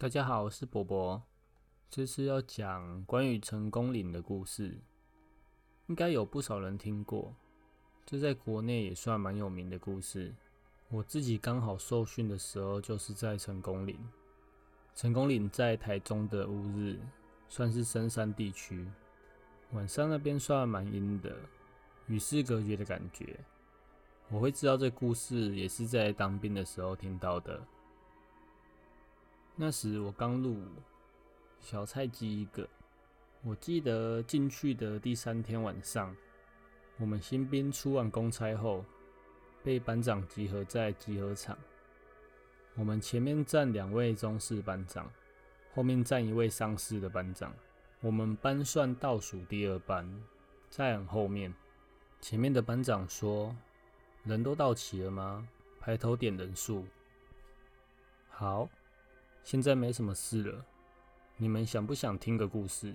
大家好，我是伯伯。這次要講關於成功嶺的故事，應該有不少人聽過。這在國內也算蠻有名的故事。我自己剛好受訓的時候，就是在成功嶺。成功嶺在台中的烏日，算是深山地區。晚上那邊算蠻陰的，與世隔絕的感覺。我會知道這故事，也是在當兵的時候聽到的。那時我剛入伍，小菜雞一個。我記得進去的第三天晚上，我們新兵出完公差後，被班長集合在集合場。我們前面站兩位中士班長，後面站一位上士的班長。我們班算倒數第二班，在很後面。前面的班長說：“人都到齊了嗎？排頭點人數。”好。現在沒什麼事了，你們想不想聽個故事？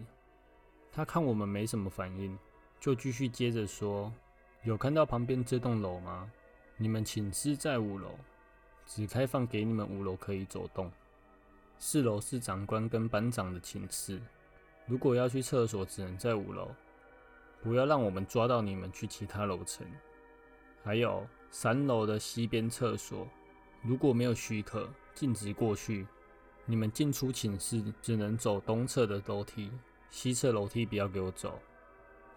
他看我們沒什麼反應，就繼續接着說：“有看到旁邊這棟樓嗎？你們寢室在五樓，只開放給你們五樓可以走動。四樓是長官跟班長的寢室，如果要去廁所，只能在五樓。不要讓我們抓到你們去其他樓層。還有，三樓的西邊廁所，如果沒有許可，禁止過去。”你們進出寢室只能走東側的樓梯，西側樓梯不要給我走。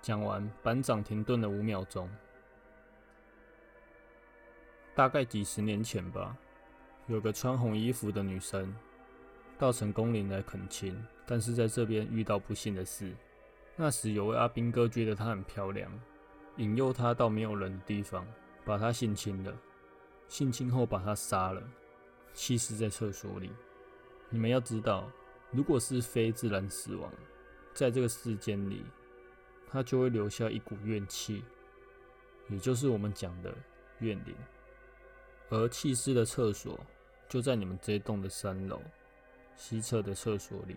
講完，班長停頓了五秒鐘。大概幾十年前吧，有個穿紅衣服的女生到成功嶺來懇親，但是在這邊遇到不幸的事。那時有位阿兵哥覺得她很漂亮，引誘她到沒有人的地方，把她性侵了。性侵後把她殺了，棄屍在廁所裡。你們要知道，如果是非自然死亡，在這個世間裡，它就會留下一股怨氣，也就是我們講的怨靈。而棄屍的廁所就在你們這棟的三樓西側的廁所裡。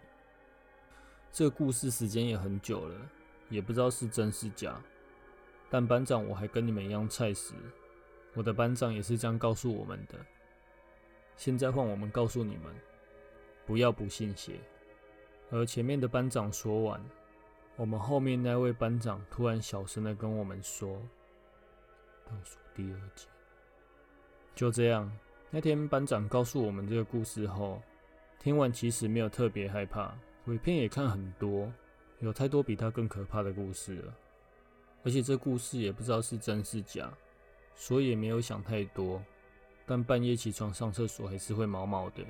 這個故事時間也很久了，也不知道是真是假。但班長我還跟你們一樣菜時，我的班長也是這樣告訴我們的。現在換我們告訴你們。不要不信邪。而前面的班長說完，我們後面那位班長突然小聲地跟我們說：“倒數第二節。”就這樣，那天班長告訴我們這個故事後，聽完其實沒有特別害怕，鬼片也看很多，有太多比他更可怕的故事了。而且這故事也不知道是真是假，所以也沒有想太多。但半夜起床上廁所還是會毛毛的，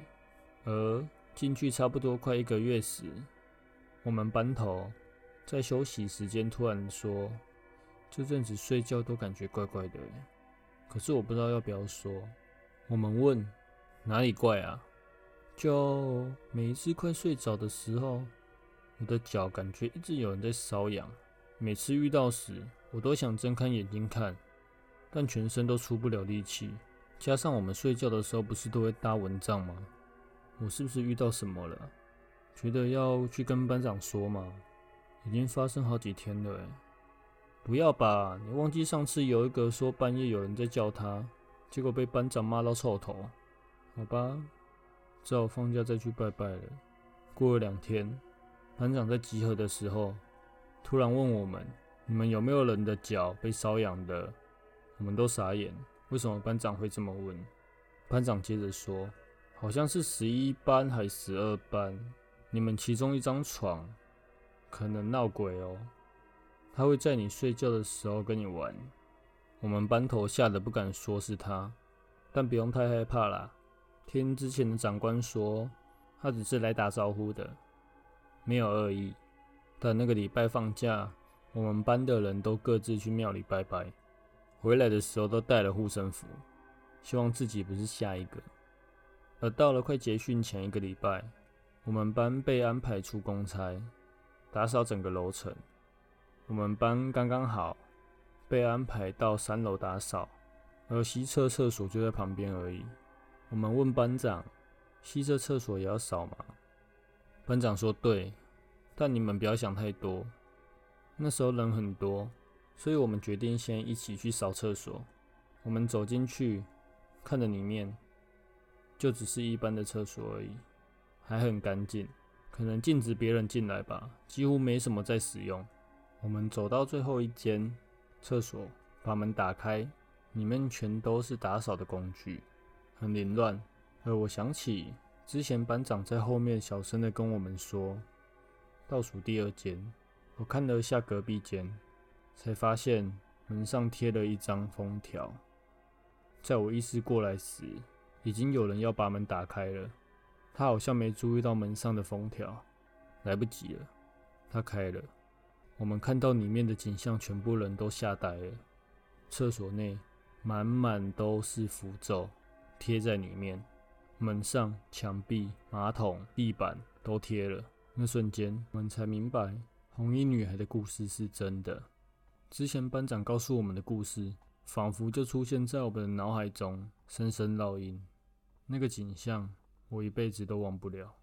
而……進去差不多快一個月時，我們班頭在休息時間突然說：“這陣子睡覺都感覺怪怪的。”可是我不知道要不要說。我們問：“哪裡怪啊？”就每一次快睡着的時候，我的腳感覺一直有人在搔癢。每次遇到時，我都想睜開眼睛看，但全身都出不了力氣。加上我們睡覺的時候不是都會搭蚊帳嗎？我是不是遇到什麼了？覺得要去跟班長說嗎？已經發生好幾天了欸，哎，不要吧！你忘記上次有一個說半夜有人在叫他，結果被班長罵到臭頭。好吧，只好放假再去拜拜了。過了兩天，班長在集合的時候突然問我們：“你們有沒有人的腳被瘙癢的？”我們都傻眼，為什麼班長會這麼問？班長接着說。好像是十一班還是十二班，你們其中一張床可能鬧鬼哦，他會在你睡覺的時候跟你玩。我們班頭嚇得不敢說是他，但不用太害怕啦。聽之前的長官說，他只是來打招呼的，沒有惡意。但那個禮拜放假，我們班的人都各自去廟裡拜拜，回來的時候都帶了護身符，希望自己不是下一個。而到了快結訓前一個禮拜，我們班被安排出公差，打掃整個樓層。我們班剛剛好被安排到三樓打掃，而西側廁所就在旁邊而已。我們問班長：“西側廁所也要掃嗎？”班長說：“對。”但你們不要想太多。那時候人很多，所以我們決定先一起去掃廁所。我們走進去，看着裡面。就只是一般的廁所而已，還很乾淨，可能禁止別人進來吧，幾乎沒什麼在使用。我們走到最後一間廁所，把門打開，裡面全都是打掃的工具，很凌亂。而我想起之前班長在後面小聲的跟我們說，倒數第二間。我看了下隔壁間，才發現門上貼了一張封條。在我意識過來時，已經有人要把門打開了，他好像沒注意到門上的封條，來不及了，他開了，我們看到裡面的景象，全部人都嚇呆了。廁所內滿滿都是符咒，貼在裡面，門上、牆壁、馬桶、地板都貼了。那瞬間，我們才明白，紅衣女孩的故事是真的。之前班長告訴我們的故事，仿佛就出現在我們的腦海中，深深烙印。那個景象，我一輩子都忘不了。